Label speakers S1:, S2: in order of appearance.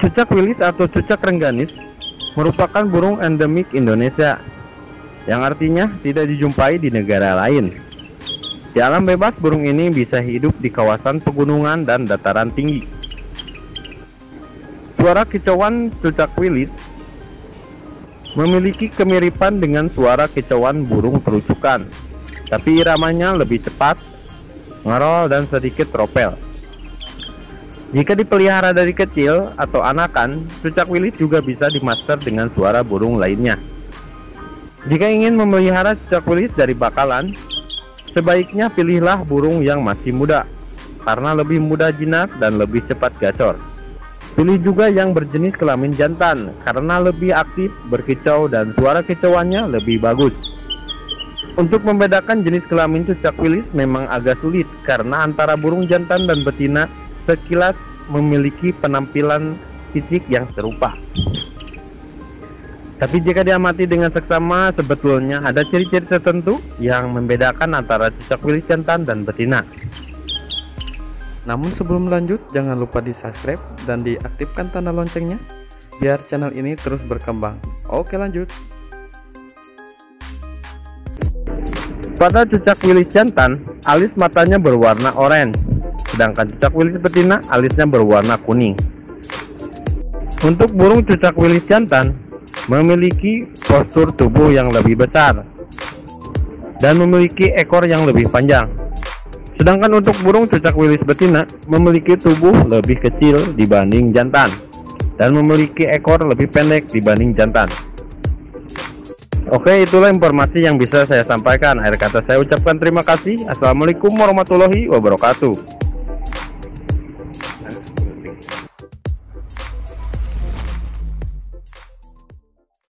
S1: Cucak wilis atau cucak rengganis merupakan burung endemik Indonesia yang artinya tidak dijumpai di negara lain. Di alam bebas, burung ini bisa hidup di kawasan pegunungan dan dataran tinggi. Suara kicauan cucak wilis memiliki kemiripan dengan suara kicauan burung perucukan, tapi iramanya lebih cepat, ngerol dan sedikit tropel. Jika dipelihara dari kecil atau anakan, cucak wilis juga bisa dimaster dengan suara burung lainnya. Jika ingin memelihara cucak wilis dari bakalan, sebaiknya pilihlah burung yang masih muda, karena lebih mudah jinak dan lebih cepat gacor. Pilih juga yang berjenis kelamin jantan, karena lebih aktif, berkicau, dan suara kicauannya lebih bagus. Untuk membedakan jenis kelamin cucak wilis memang agak sulit, karena antara burung jantan dan betina sekilas memiliki penampilan fisik yang serupa. Tapi jika diamati dengan seksama, sebetulnya ada ciri-ciri tertentu yang membedakan antara cicak wilis jantan dan betina. Namun sebelum lanjut, jangan lupa di subscribe dan diaktifkan tanda loncengnya, biar channel ini terus berkembang. Oke lanjut. Pada cicak wilis jantan, alis matanya berwarna orange sedangkan cucak wilis betina alisnya berwarna kuning. Untuk burung cucak wilis jantan, memiliki postur tubuh yang lebih besar dan memiliki ekor yang lebih panjang. Sedangkan untuk burung cucak wilis betina memiliki tubuh lebih kecil dibanding jantan dan memiliki ekor lebih pendek dibanding jantan. Oke, itulah informasi yang bisa saya sampaikan. Akhir kata saya ucapkan terima kasih. Assalamualaikum warahmatullahi wabarakatuh.